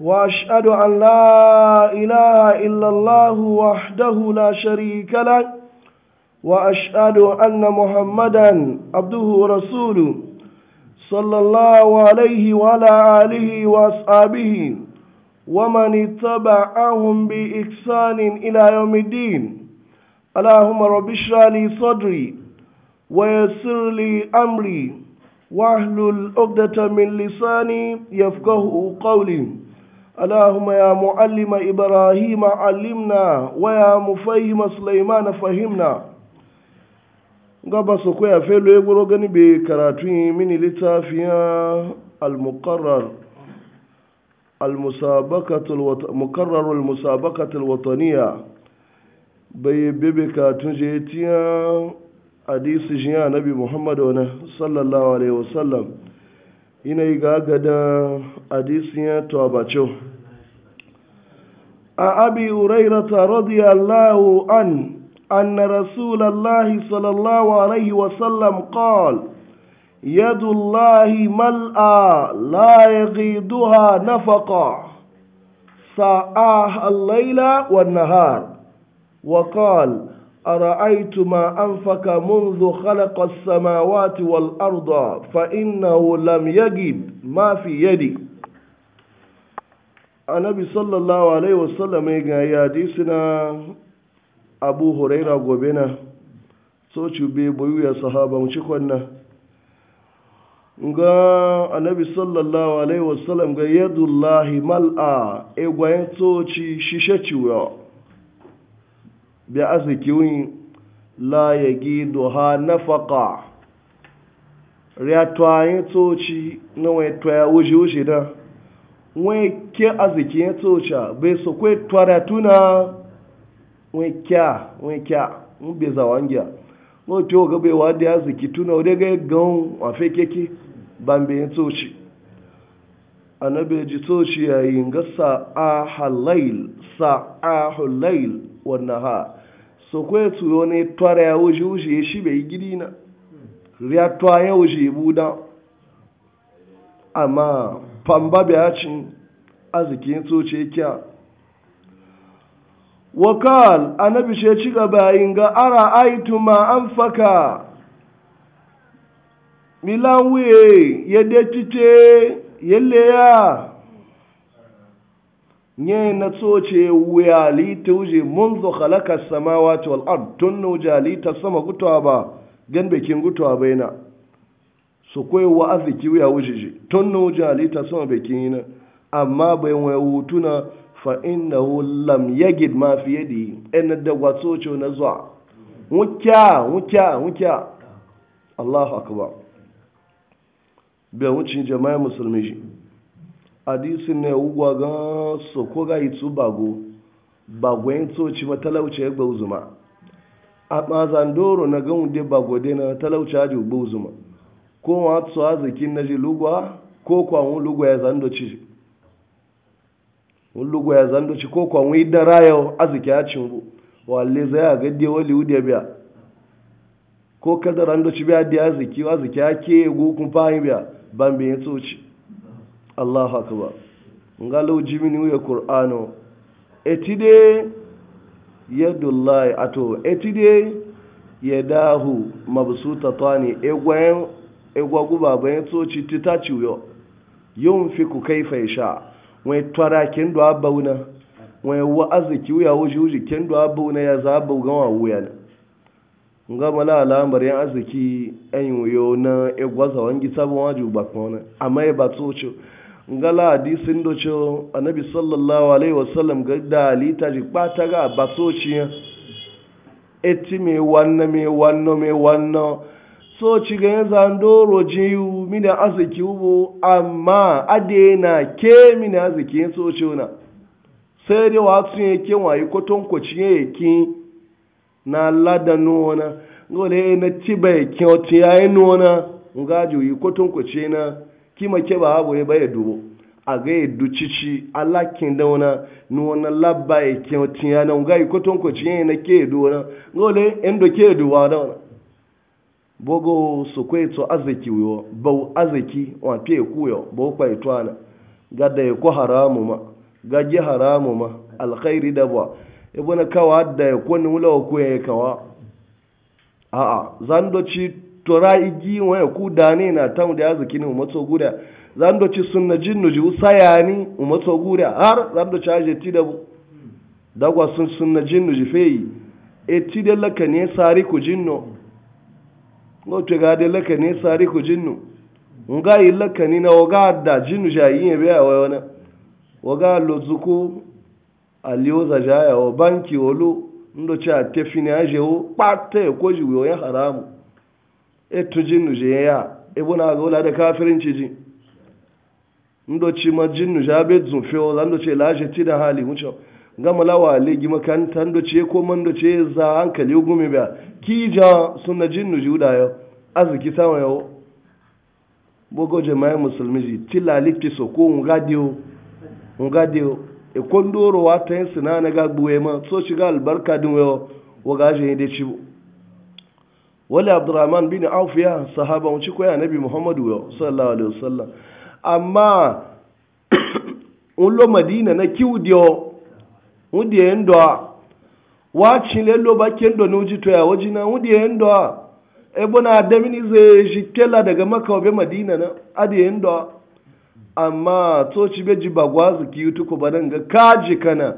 واشهد ان لا اله الا الله وحده لا شريك له واشهد ان محمدا عبده ورسوله صلى الله عليه وعلى اله واصحابه ومن اتبعهم باحسان الى يوم الدين اللهم رب اشرح لي صدري ويسر لي امري واحلل عقده من لساني يفقه قولي اللهم يا معلم إبراهيم علمنا ويا مفهم سليمان فهمنا gaba su koya felo ya guro gani bai karatu mini littafiya al-muqarrar al-muqarrar al-musabakatul wataniya bai bebe hadisi jiya nabi muhammad wani sallallahu alaihi wasallam yanayi gaga da adisiyar tobacco a abi uraira radiyallahu an anna rasulallahi sallallahu alaihi wasallam qal yadullahi mal'a la yaghiduha nafaqa sa'ah al-laila wa nahar wa qala أرأيت ما أنفق منذ خلق السماوات والأرض فإنه لم يجد ما في يدي النبي صلى الله عليه وسلم يا ديسنا أبو هريرة غبنا soci بي bayu صحابة sahaba nga cikon annabi sallallahu alaihi wasallam ga yadullahi mal'a egwayen soci shishe ciwo bi azikiwi la ya gido ha nafaka riatwayin tsoci na wai twaya wuce-wuce na wai ke azikiyin tsoca bai so kwai twara tuna wai kya wai kya n bai zawon gya no ce ga bai wa da aziki tuna wadda ga gan wafe keke ban bai yin tsoci annabi ji tsoci yayin ga sa'a halail sa'a halail wannan ha so kwe tsuro ne twara ya wuce ya shi bai gidi na ya twa ya wuce buda amma pamba biya cin arzikin tsoce kya wakal annabi ce ci gaba yin ga ara aitu ma an faka milan wuye ya detite yalle ya nye na tsoce wuya lita wuje mun zo halaka sama wato al'ad tun na ali lita sama gutuwa ba gan bikin gutuwa bai na su koyi wa arziki wuya wuje je tun na ali lita sama bikin yi na amma bai waya hutu na fa inna ya gid ma da yi ɗan da gwa tsoce na zuwa wukya wukya wukya allahu akbar bai wuce jama'a musulmi shi hadisi ne ugwa ga so ko ga itu bago bago yin soci ma talauci ya zuma a ɓazan doro na ga de bago de na talauce ya gbau zuma ko wa tso azikin na ji lugwa ko kwa wun lugwa ya zando ci wun lugwa ya zando ci ko kwa wun idan rayo aziki ya cimbu walle zai a de wali wudiya biya ko kadaran da ci biya da aziki aziki ya ke gokun fahim biya ban biyan soci allahu akbar ngalo jimini uye qur'ano etide yadullahi ato etide yadahu mabsuta tani egwen egwagu baba yin to ci tita ciwo yun fi ku kaifa yasha wai twara kin do abauna wai wa aziki uya wuji wuji kin do abauna ya za abuga wa wuya nga mala alamar ya aziki ayin yo na egwaza wangi sabon waju bakona amma e batsocho ngala hadisin da ce annabi sallallahu alaihi wasallam ga dalita ji bata ga basociya eti me wanna me wanno me wanno so ci ga yanzu ndoro ji mini aziki ubu amma na ke mini aziki so ci na sai dai wasu yake wayi koton kwaci ki na ladanu wana ngole na tibai kyotiyayi nuna ji yi koton kwaci na kima ke ba abu ba ya dubo a ga ya ducici alakin da wani ni wani labba ya ke tiya na ga iko ton ko ciyen na ke duwa na gole en ke ke duwa da wani bogo su kwa ito azaki wiyo bau azaki wa fiye kuyo bau ito ana ga da ya ko haramu ma ga ji haramu ma alkhairi da ba na kawa da ya ko ni wula ko ya kawa a'a zan do tora igi waya ku dane na tamu da yazuki ne umatso guda zan doci sunna jinnu ji usaya ni umatso guda har zan doci aje ti da dagwa sun sunna jinnu ji feyi e ti da laka ne sari ku jinnu ngo te ga da laka ne sari ku jinnu nga yi laka ni na waga da jinnu ja yi be Wa wana oga lozuku alioza ja ya o banki olu ndo cha tefini aje o pate ko ji wo ya haramu etu jinnu je ya ebo na ga wala da kafirinci ji ndo ci ma jinnu ja be zun feo zan do ce laje ti da hali mucho gama lawa le gi makanta ndo ce ko man do ce za hankali gumi ba ki ja sunna jinnu ji uda yo aziki sawa yo bogo jama'a musulmi ji tila lifti so ko ngadio ngadio e kondoro wa tan sina na ga buwe ma so shiga albarka din yo wa ga je da cibo wale abdurrahman bin auf ya sahaba wuce koya nabi muhammadu sallallahu alaihi wasallam amma ulo madina na kiwdiyo wudiye ndo wachi lelo ba kendo ne wuji toya waji e na wudiye ndo ebo na adamini ze jikela daga maka obe madina na adi ndo amma to ci be ji bagwazu ki yutu ko badanga kaji kana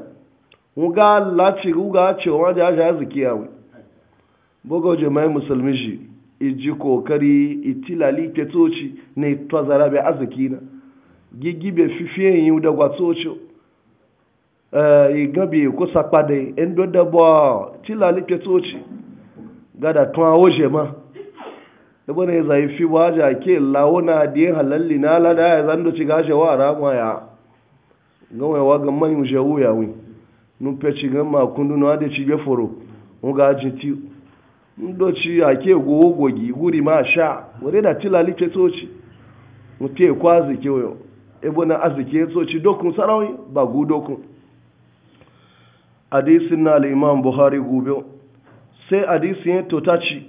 wuga lachi wuga cewa da ja zikiyawi bogo jama'in musulmi shi iji kokari itilali ke toci ne tazara bai arziki na gigibe fifiyen yi da gwatoci eh, igabe ko sakpade in dodda ba tilali ke toci gada tun awo jema ebe ne zai fi waje ke lawuna da yin halalli na ala da e ya zando ci gashe wa rama ya gawayawa ga manyan shehu ya numfe ci gama kundu na da ci foro mu ga ajin tiyo ndochi ake gogogi guri ma sha wani da tilali ke soci mutu ya kwa zike wayo ebo na arziki ya soci dokun sarawi ba gu dokun hadisin na al'imam buhari gobe sai hadisin ya totaci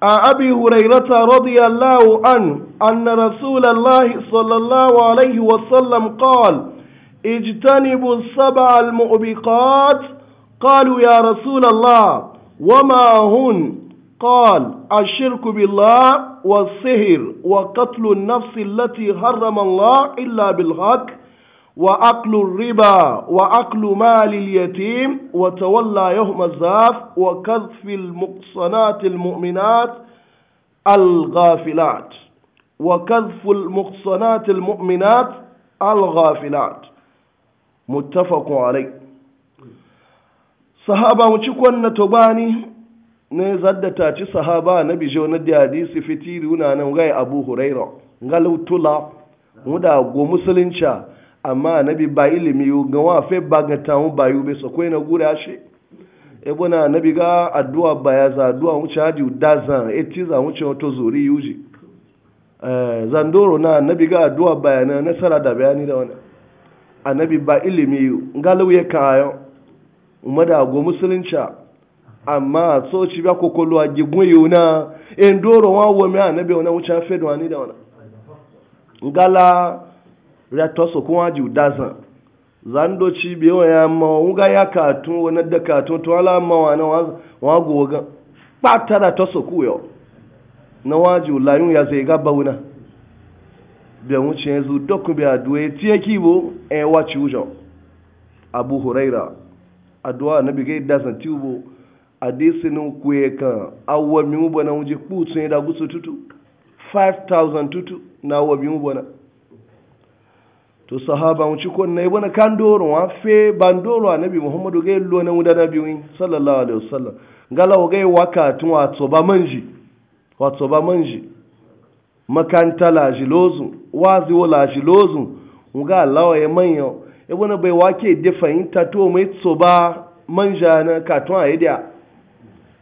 a abi hurairata radiyallahu an anna rasulallahi sallallahu alaihi wasallam qal ijtanibu السبع المؤبقات قالوا ya رسول الله وما هن قال الشرك بالله والسحر وقتل النفس التي حرم الله إلا بالحق وأكل الربا وأكل مال اليتيم وتولى يوم الزاف وكذف المقصنات المؤمنات الغافلات وكذف المقصنات المؤمنات الغافلات متفق عليه sahaba mu ci kwanna to bani ne zaddata ci sahaba na bijo na da hadisi fitiri una nan gai abu huraira mu da go musulunci amma nabi ba ilimi ga wa fe ba ga tamu ba yu be sokoi na gure ashe e bona nabi ga addu'a ba ya za addu'a mu cha di dazan e ti za mu ci to zuri yuji eh zandoro na nabi ga addu'a ba na nasara da bayani da wannan annabi ba ilimi ngalawu ya kayo umadago musulunci amma so ci ba kokolo a gigun yuna in doro wa wo a anabi wuna wuce an do ani da ona ngala rato so ko dazan zando ci bi o ya ma unga ya katun tun da ka to ala ma wa na wa go ga pata da to ku yo na waju layun ya zai gaba wuna bi wuce zu aduwe ti yakibo e wa ci wujo abu addu'a na bigai da san tubo adisinin kuye kan awwa mi mu bana wuje kutu ne da gusu tutu 5000 tutu na awwa mi mu to sahaba kan doro wa fe muhammadu gai lo na nabi sallallahu alaihi wasallam ngala wa gai waka tun wa toba manji wa toba manji makanta la jilozu wazi wala jilozu manyo ibuna bai wake da fahimta to mai tsoba manja na katon a yadda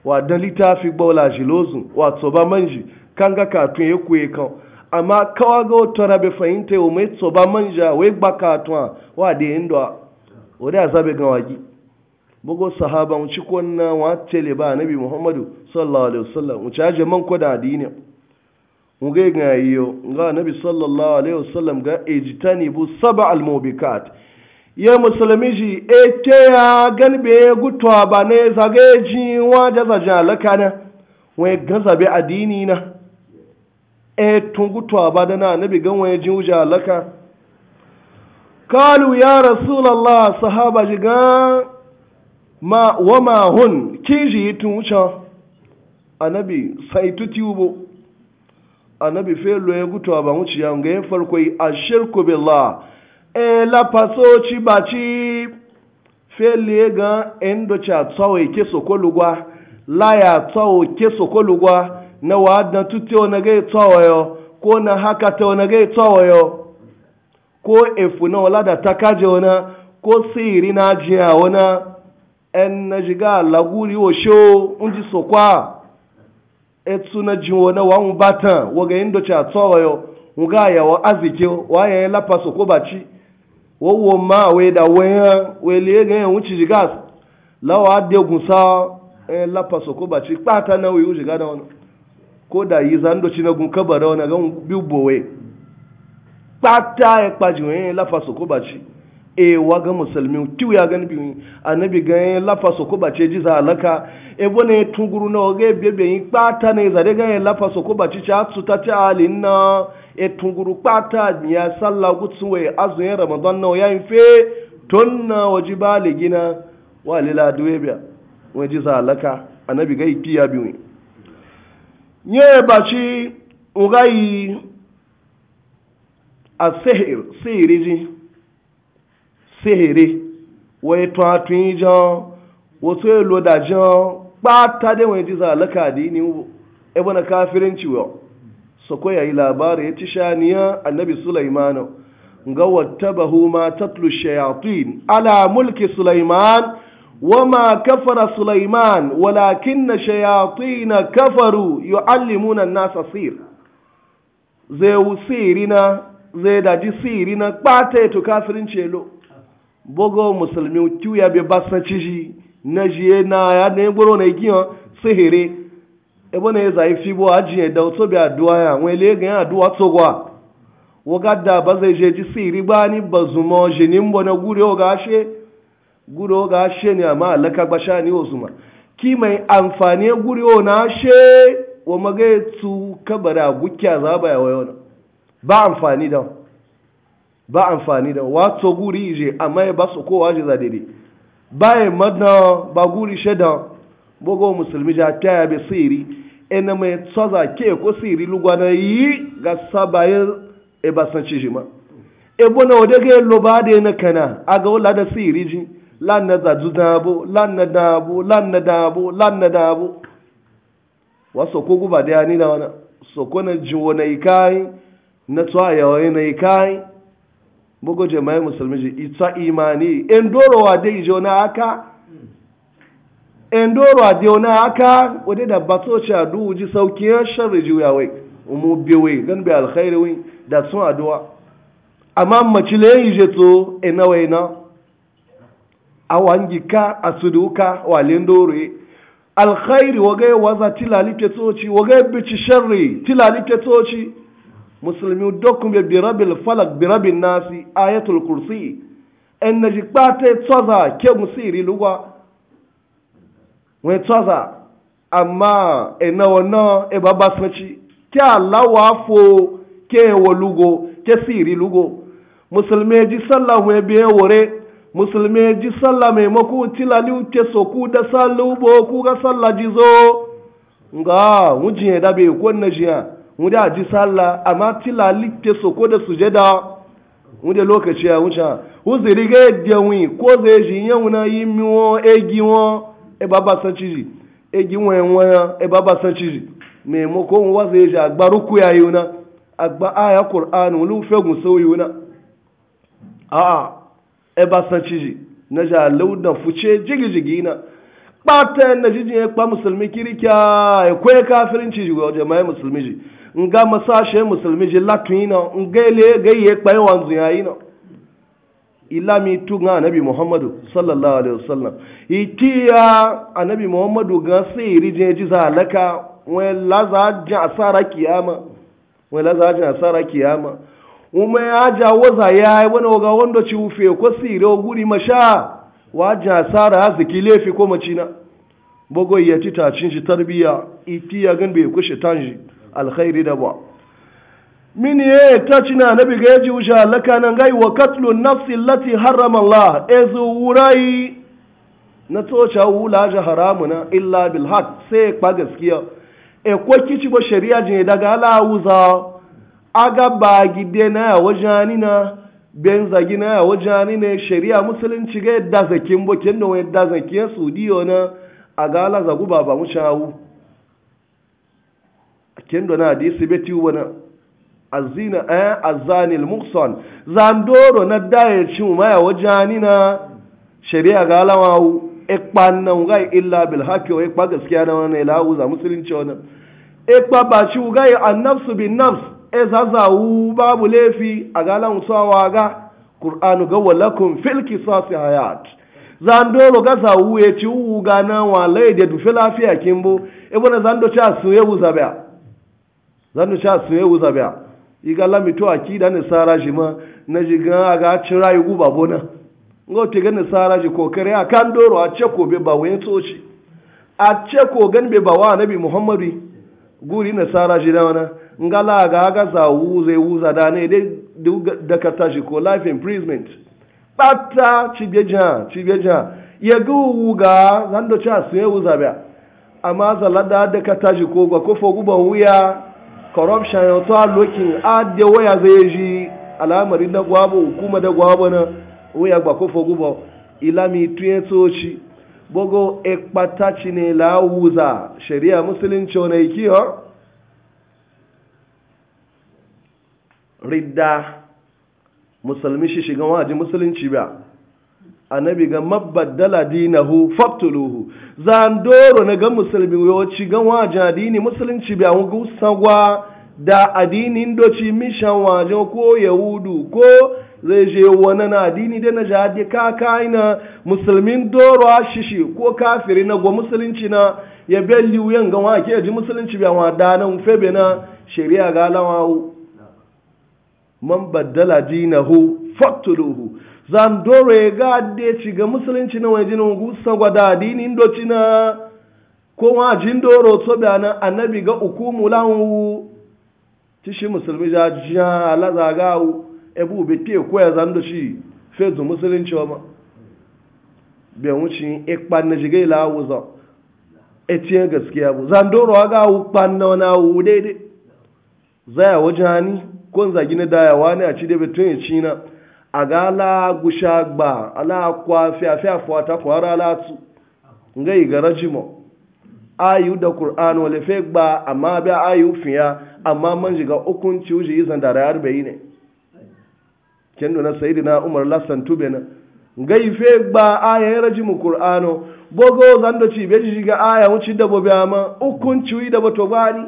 wa da fi gbaula shi lozun wa tsoba manji kan ga katon ya kuye kan amma kawa ga wata rabe fahimta yau mai tsoba manja wai gba katon wa da yin da wadda ya zabe ga wagi bugu sahaba wuce na wa tele ba nabi muhammadu sallallahu alaihi wasallam wuce aje man kwada adini wuge ga yiyo ga nabi sallallahu alaihi wasallam ga ejitani bu saba al-mubikat ye musulmi ji ete ya ganbe gutwa ba ne zage ji wa da zaje alaka na wai gaza be adini na e tun gutwa ba da na nabi gan wai ji uja laka kalu ya rasulullah sahaba ji ga ma wa ma hun kiji tun wuce annabi sai tuti ubo annabi fe lo ya gutwa ba wuce ya ga farko ashirku billah e la faso ci ba ci fele gan endo cha tsawo e ke sokolugwa la ya tsawo e ke sokolugwa na wadan tutio na ga e tsawo yo ko na haka ta na ga tsawo yo ko efu na wala da takaje ona ko siri na jiya ona en na jiga laguri o sho unji sokwa etu na ji na wa batan wo ga endo cha tsawo yo nga ya wa azike wa ya la faso ko ba ci wo ma we da we welie gẽ wũ ci zigas la wa de e, la paso ko na wi da ko da yi zan do cina gun kaba da wona bi e kpaji la paso ko e wa ga musulmi ti ga nabi annabi ga la paso ko e ji za alaka e, e tunguru na bebe na ga la paso etunguru kpata ya sallah gutsu wai azuyin ramadan nawa ya yi fe tonna waji baligina wa lila duwebiya waji zalaka annabi gai biya biyu ne nye baci ugayi a sihir sihiri ji sihiri wai tuwatun jan wasu elo da jan kpata dai waji zalaka dini ebe na kafirin ciwo sako yayi labari ya ci shaniya annabi sulaimanu ga wattabahu ma tatlu shayatin ala mulki sulaiman wama kafara sulaiman walakinna shayatin kafaru yuallimuna an-nasa sir zai usirina zai daji sirina kpata to kafirin celo bogo musulmi tuya be basa ciji na jiye na ya ne gboro na igiyan sihiri ebe na zai fi bo ajiye da wato bi aduwa ya wai le ga aduwa to gwa wagadda ba zai je ji siri ba ni ba zuma jinin bo na gure o ga-ashe gure o ga-ashe ne amma alaka gbasha ni o zuma ki mai amfani gure o na ashe wa maga tu kabara gukya za ba ya wayo ba amfani da ba amfani da wato guri ije amma ya ba su kowa je za daidai ba ya madna ba guri shedan bogo musulmi ja ta ya bi siri ena mai tsaza ke ko siri lugwana yi ga sabaye e basan ciji ma e bona wade ga loba da na kana aga wala da siri ji lan na za zu dabo lan na dabo lan na dabo lan na dabo waso ko guba da ni na wana so ko na ji wona ikai na tsa ya wona ikai bugo jama'i musulmi ji itsa imani en dorowa dai jona aka endoro a na haka wadda da bato ce a duhu ji saukiyar sharri juya wai umu biwe gan bi alkhairi wai da sun aduwa amma mace le yi je to ina wai na a wangi ka a suduka wa lindoro ye alkhairi waga waza tilali ke toci waga bici sharri tilali ke toci musulmi dokun bi birabil falak birabil nasi ayatul kursi en naji kpate tsoza ke musiri lugwa wani tsaza amma ina wannan e babba sace ke alawa fo ke wa lugo ke siri lugo musulmi ji sallah mai biye wore musulmi ji sallah mai maku tilali ke soku da sallu ku ga sallah ji zo nga wujin e da be ko na jiya mu da ji sallah amma tilali ke soko da sujada mu da lokaci ya wuce uziri ko zai ji yawuna yi miwo egi won ebe abasachiri egi nwe nwe ya ebe abasachiri maimakon waza ya e ji agba ruku ya yi na agba aya qur'an wani fegun sau yi na a'a ebe abasachiri na ji alaudan fuce jigi na kpata na jijin ya kpa musulmi kirkiya ya kwaye kafirin ciji ga jama'ai musulmi ji nga masashe musulmi ji na nga ile ga yi kpa yi ya yi na ilami tunga anabi muhammadu sallallahu alaihi wasallam itiya anabi muhammadu ga sai rije ji laka wani laza ji asara kiyama wani laza ji asara kiyama ume aja waza ya yi wani waga wanda ci ufe ko sire guri masha wajen asara ziki lefi ko macina bugoyi ya ci tacin shi tarbiya itiya gan bai kushe tanji alkhairi da ba mini ye tacina nabi ga yaji wuja laka nan gai wa katlu nafsi lati harrama Allah ezu wurai na tocha wula ja haramuna illa bil haq sai e kwa gaskiya e ko kici ba shari'a daga ala wuza aga ba gide na wajani na ben zagi na wajani ne shari'a musulunci ga yadda zakin bokin da wani yadda zakin na aga ala zagu ba ba mu shawu kendo na hadisi beti wana azina eh azanil muhsan zandoro na daye ci maya wajani na shari'a ga lawawu ikpa nan ga illa bil haqi wa ikpa gaskiya na wannan lawu za musulunci wannan ikpa ba ci an nafsu bin nafs e zazawu babu lefi a ga sawa ga qur'anu ga walakum fil qisas hayat zandoro ga u e chi u ga na wa laide du fi lafiya kimbo e bona zando cha suye uzabe zando cha suye uzabe iga mito to da ne sara shi ma na ji ga aga cin rayu guba bona ngo te ga ne sara ji kokare a kan doro a ce ko be ba waye toci a ce ko gan be ba wa nabi muhammadu guri ne sara ji da wana ngala ga aga za wuze wuza da ne dai da ka tashi ko life imprisonment bata cibeja cibeja ya ga wuga zan do cha sai wuza ba amma zalada da ka tashi ko ga ko fogu guba wuya corruption ya to lokin adde waya zai ji alamari da gwabo hukuma da gwabo na waya gba ko fogu bo ilami tuye tochi bogo ekpata chine la huza sharia musulunci ona ikiyo ridda musulmi shi shiga waje musulunci ba annabi ga mabaddala dinahu fabtuluhu zaa doro na ga musulmi yo ci ga waje dini musulunci ba mu da addinin doci mishan waje ko yahudu ko zai je wani na adini da na jade ka na musulmin doro shishi ko kafiri na go musulunci na ya belli wuyan ga wa ke ji musulunci bai wa da nan febe na shari'a ga lawawu man baddala dinahu faktuluhu zan doro ya e ga de ci ga musulunci na wajen gusa da addinin doci na ko wa jin doro to na annabi ga hukumu lahu tishi musulmi ja jiya ala zaga ebu be pie ko ya zando shi fezu musulunci ma be wuci ikpan e na jige la wuza etiye gaskiya bu zandoro aga wu pan na na wu daidai zaya wajani kon zagi na daya wani a cide da betun ya ci na aga la gusha gba ala kwa fi afi afuata ko ara la tu ngai garajimo ayu da qur'an wala fe gba amma bi ayu fiya amma man shiga ukun ciwuji yi zan dara yarbe yi ne kendo nuna sayidi na umar lassan tube na gaife gba aya ya raji mu kur'ano gogo zan da ci beji shiga aya wuci da bobe amma ukun yi da bato bani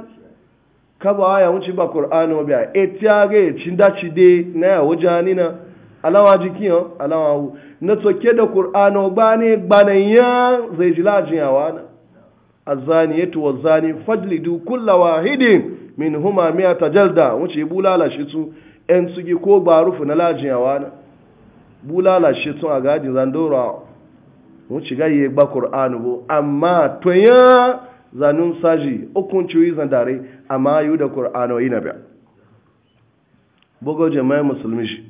kaba aya wuci ba kur'ano biya etiya ga ci da ci de na ya wajani na alawa yau alawa na tsoke da qur'ano gbane gbananya zai ji lajin yawa na tuwa wazani fadlidu kullawa hidin. min huma miya ta jalda wuce bulala shi su ‘yan sugi ko rufu na lajiyawa na bulala shi tun a gajin zandora wuce gaye gba ƙur'anu bu amma tunya zanun saji ukun yi zandare amma yi da ƙur'anu yi na biya bugo jama'in musulmi shi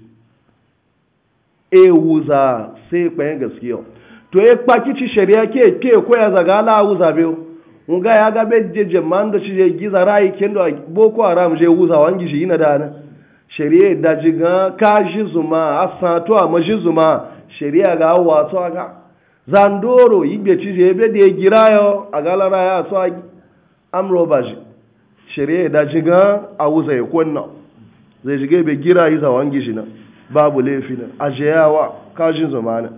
e wuza sai kwayan gaskiya to ya kpakici shari'a ke ke koya zaga ala wuza biyu nga ya ga bedje je da shi giza rai kendo boko haram je wuza wangi shi ina dana shari'a e da jiga ka shi zuma asato a mashi zuma shari'a ga wato aga zandoro ibe ci je e be de girayo aga lara ya so amro baji shari'a e da jiga a wuza ya kwanna zai jige be gira yi zawan gishi na babu lefi na ajeyawa ka shi zuma na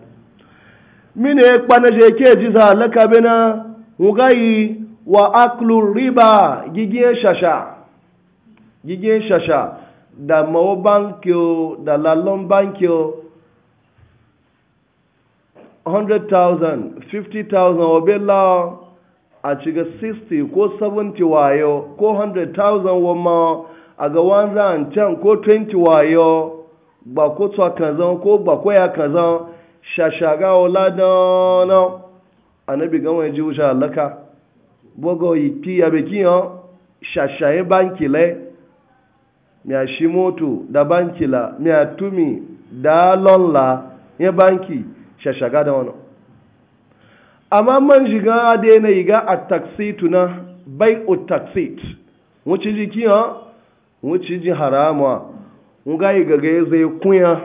mine kpana je ke ji za laka bena wugayi wa aklu riba gige shasha gige shasha da mawo bankyo da lalon bankyo 100,000 50,000 obela a ciga 60 ko 70 wayo ko 100,000 wama a ga 110 ko 20 wayo ba ko tsawa kazan ko ba ya kazan shashaga wala dana annabi gama ya ji wuce halaka bogo ipi ya shashaye bankile miya shi moto da bankila miya tumi da lolla nye banki shashaga da A amma man shiga da na iga a taksitu na bai o taksit wuce ji kiyan wuce ji harama nga yi gaga ya zai kunya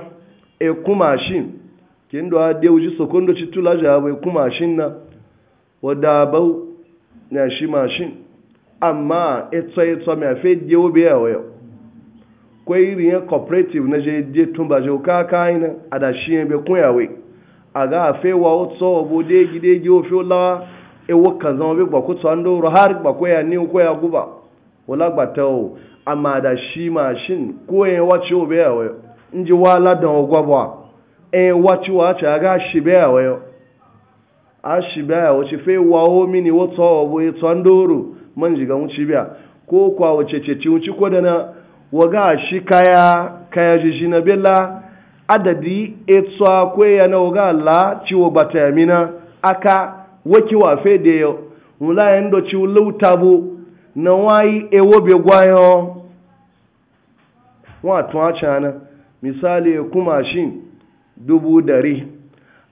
e kuma shin kin da wuce sokondo ci tula ja kuma shin na wadda bau ya shi mashin amma ita ita mai fe dewo biya wayo kwa iri ya cooperative na je de tun je ka kai na ada shi ya be kun yawe aga afe wa otso obo de gide gi ofe la e wo kan zama be gba ko to ando ro har gba ko ya ni ko ya guba wala gba ta o amma da shi mashin ko e wa ci obe yawe nji wala dan ogwa bwa e wa ci wa ci aga shi be yawe ashi a wace fe wawo mini wata wabo ya tsan doro man jiga bịa ko kwa wace na waga shi kaya kaya na bela adadi etsa ko na waga la ciwo aka waki wa fe da yo lauta na wayi ewo be gwayo wa e misali dubu dari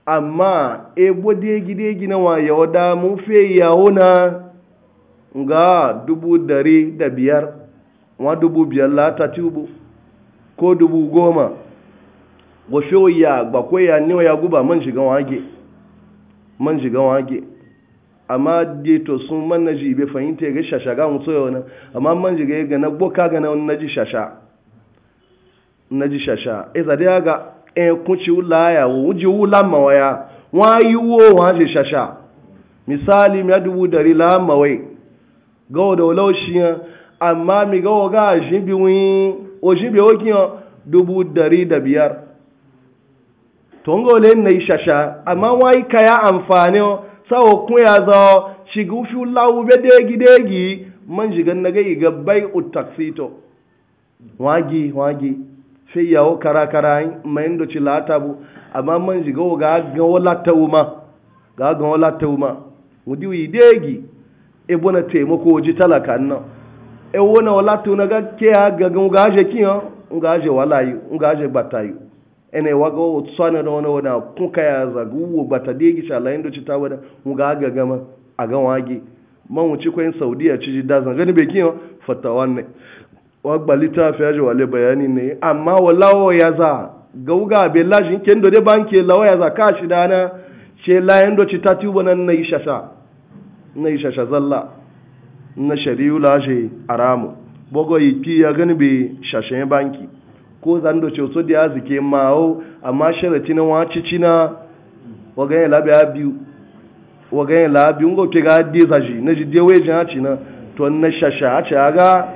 amma ebo degi degi na waye da mun fe yawo na ga dubu dari da biyar wa dubu biyar lata tubu ko dubu goma wa fe ya gbakwai ya ne ya guba man shiga wage man shiga wage amma de to sun man na ji be fahimta ga shasha ga mun soyo na amma man shiga ga na boka ga na ji shasha na ji shasha e za ga ẹkún ti wúlá àyàwó wújí wúlá ya wọ́n á wó wọ́n ṣe ṣàṣà misali mi adubu dari lámàwé gọ́wọ́ da àmà mi gọ́wọ́ dubu dari da biyar tó ń na ṣàṣà àmà wọ́n á yí kaya àǹfààní ọ ya zọ fi láwù bẹ́ man na gai ga bai utaksito wọ́n á wọ́n á sai yawo kara kara yin mayin ci lata bu amma man shiga wa ga gawo lata wuma ga aganwola lata wuma wudi wi degi e bona taimako waje talaka tala e wona wala to na ga ke ha ga gawo ga je kiyo nga je wala yi nga je batayu ene waga wo tsana kuka ya zagu wo bata degi sha lain do ci ta be kiyo wagba littafi ya wale bayani ne amma lawo ya za wuga be lashi ken do de banke lawo ya za ka shi dana ce layan do ci tati na yi shasha yi shasha zalla na shari'u laje aramu bogo yi ya gani be shashe banki ko zan do ce so da azike mawo amma sharati na ci na wagan ya labe abiu wagan ya labi ngo ke ga de zaji na ji de weje ha na to na shasha a ce ga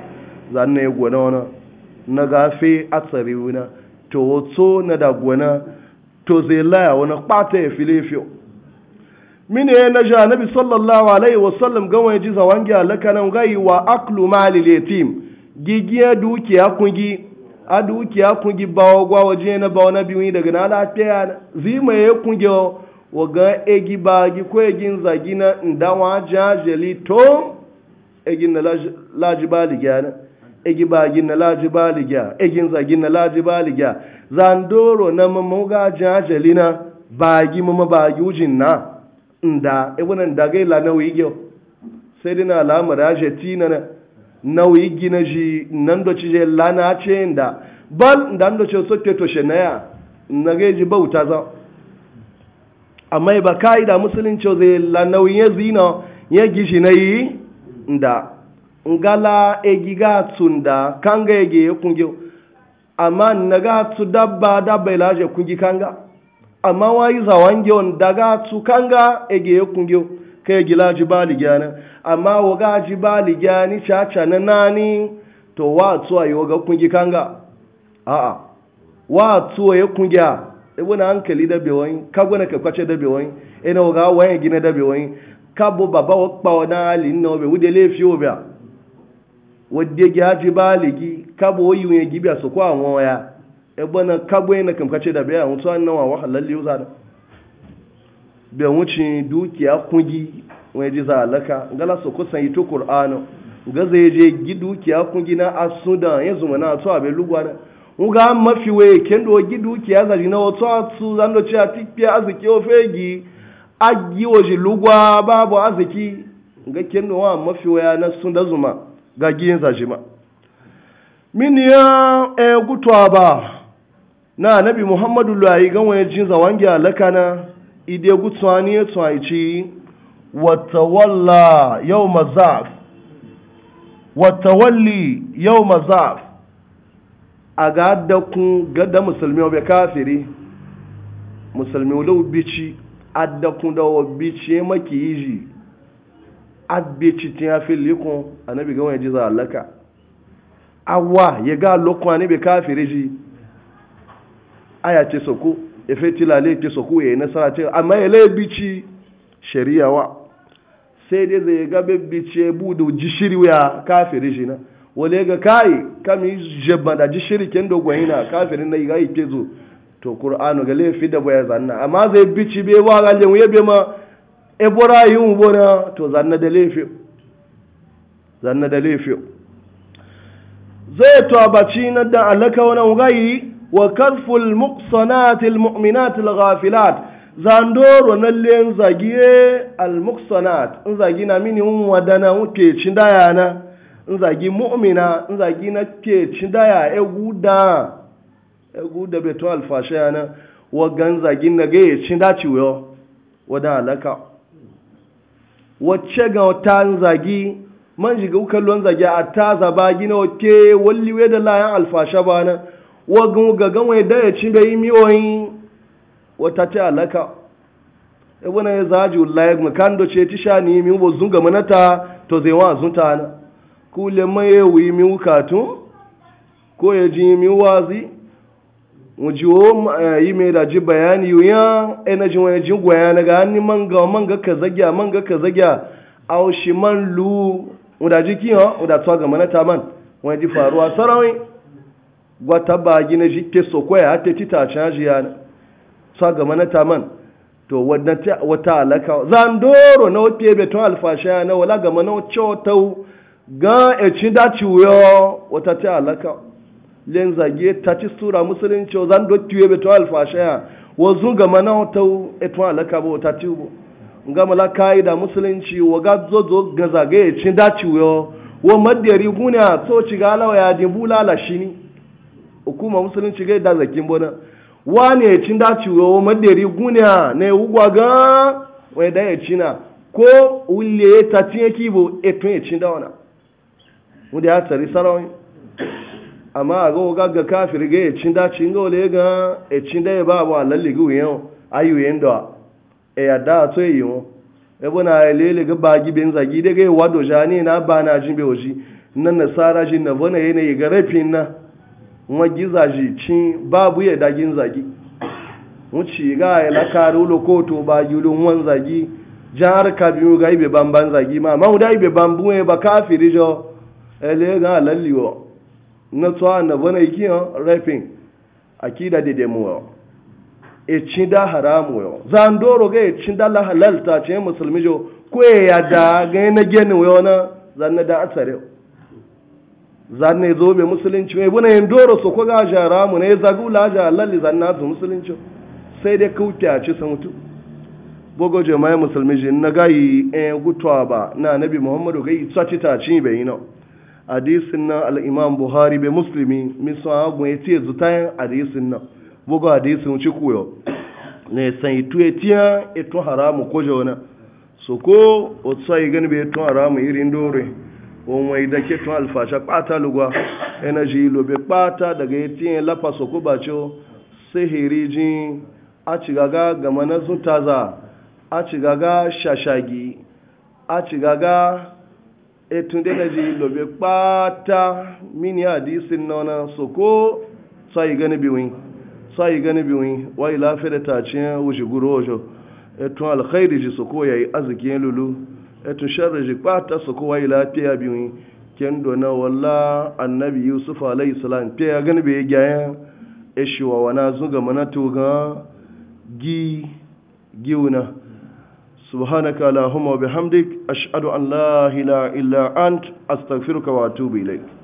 na yi gwana wana na gafe a tsari wuna to wato na da gwana to zai laya wani kpata ya fi fiyo mini ya na janabi sallallahu alaihi wasallam gawa ya ji zawangi alaka nan gai wa aklu mali letim duki dukiya kungi a ya kungi bawa gwa waje na bawa na biyu daga na lafiya na zima ya kungi wa ga egi bagi ko egin zagi na ndawa jajeli to egin na laji bali gyana egi bagi na laji baligya egin zagin na laji baligya zandoro na mamuga jajali na bagi mama bagi ujin na nda ebunan daga la na wigyo sai na alamar maraje tina na na wigi na ji nando chije la je lana ce nda bal nda ndo ce sokke to she naya na ga ji bauta za amma ba kaida musulunci zai na wi ya zina ya gishi na yi nda ngala egiga tunda kanga ege kungi amma naga tu dabba dabba ilaje kungi kanga amma wayi zawange on daga tu kanga ege kungi kai gila jibali gyana amma waga jibali gyani chacha na nani to wa tu ayi ga kungi kanga a wa tu ya kungi a ebona hankali da bewon kagona ka kwace da bewon ina waga wayan gina da bewon kabo baba wa kpawo na ali na obe wude lefi obe a wadda ya ji baligi kabo yi ya gibi a su kwa waya e bana kabo yana kamkace da bayan mutu an nawa lalle yau zada bai wuce dukiya kungi wani ji laka gala su kusa yi to qur'ano gaza zai je gi dukiya kungi na asuda ya zuma na to abe lugwana uga mafi waye kendo gi dukiya zari na wato atu zando ci a tikpiya aziki ofegi gi waje lugwa babu aziki ga kendo wa mafi waya na da zuma ga giyin zashi ma min ya e ba na nabi muhammadu Luwayi, gan wani jin zawangi alaka na ide gutuwa ni ya Wata walla yau mazaf watawalli yau mazaf a ga addakun gada musulmi obe kafiri musulmi wulo bici addakun da wabici maki yi abbe cikin ya fi likun annabi ga wani ji za alaka awa ya ga lokun annabi kafiri ji aya ce soko efe tilale ce soko ya yi nasara ce amma ya laibici shari'a wa sai dai zai ga bibbice budu ya shirya kafiri ji na wale ga kai kami jebba da jishiri ken dogon na kafirin na ga ike zo to qur'anu ga laifi da baya zanna amma zai bici be wa ga lewu ya ma Ibrahim e yin bona to zanna da lefe zanna da lefe zai to abaci na da alaka wani gayi wa karful muqsanat al mu'minat al ghafilat Zando na len zagiye al muqsanat in zagi na mini un wadana wuce cin na in zagi mu'mina in zagi na ke cin daya eguda eguda beto alfashayana wa gan zagin na ga cin daciwo wadan alaka wacce ga wata zagi man shiga kallon zagi a ta zaba gina wake walliwe da layan alfasha ba na wagan gagan wai da ya ci miyoyi wata ce alaka e na ya zaji wallahi makan do ce tisha ni mi wo zunga manata to zai wa zunta na kule mai wi mi wukatu ko ya ji mi wazi wujiwo yi eh, mai da bayani yuya ina ji wani jin gwaya na ga hannu manga manga ka zagya manga ka zagya a wasu man lu uda ji ki ha uda ga manata man wani ji faruwa sarawai gwata ba gi gina ji ke sokoya har ta tita caji ya to ga manata man to wadda wata alaka zandoro na wote be to alfasha na wala ga mana cho tau ga e cin da ciwo wata ta alaka len zage tati sura musulunci zan dotti be to alfashaya wa zunga mana e to eto alaka bo tati bo nga mala kaida musulunci wo ga zo zo ga zage e ci da ci yo wa madari guna so ci ga lawa ya di bulala shini hukuma musulunci ga da zakin bona wane e ci da ci yo wa madari guna ne ugwa ga wa da ya cina ko ulle ta ci yake bo eto ya ci da wana mu da ya tsari sarawin amma ga ga e ga kafir ga cin da cin ga ole ga da ba ba lalle ga uyen ayu yi da e ya da to yi mo e bona e lele ga bagi ben zagi de ga wado jani na ba na jin be oji nan na sara jin na bona yene ga rafin na wa giza ji cin babu ya da gin zagi mu ci ga ya e la karu lo ko to ba yulun wan zagi jihar kabiru ga ibe bamban zagi ma ma da ibe bambu e ba kafiri jo ele ga lalliwo na tsawa na bane iki yan rafin akida da demu yau e cin da haramu yau doro ga e cin da la halal ta ce musulmi jo ko ya da ga na gene yau na zanna da asare zanne zo be musulunci mai e bana yin doro su ko ga haramu ne e zagu la ja halal zanna su musulunci sai dai kauta ci san mutu bogo jama'a musulmi jin na gayi yan e, gutuwa ba na nabi muhammadu gayi tsaci ta ci bai yi nawa hadisin na al'imam buhari bai musulmi misan agun ya ce zutayen hadisin nan bugu hadisin ci kuyo ya san itu ya tiya ito haramu ko jona so ko otsa yi gani bai ito haramu irin dore wọn wai da ke tun alfasha kpata lugwa energy lobe kpata daga ya tiya lafa so ko ba ce sihiri jin a ci gaga gama na sun taza a ci gaga shashagi a ci gaga etun da ji lobe kpata mini hadisin nona so ko sai gani biwin sai gani biwin wai lafi da tace wuce guru ojo etun alkhairi ji soko ya yi yayi azikin lulu etun sharri ji kpata soko ko wai lafiya biwin kendo na wala annabi yusuf alayhi salam pe ya gani bai gaya eshiwa wana zuga mana to ga gi giuna subhanaka lahumma wa bihamdik ashhadu an la ilaha illa ant astaghfiruka wa atubu ilayk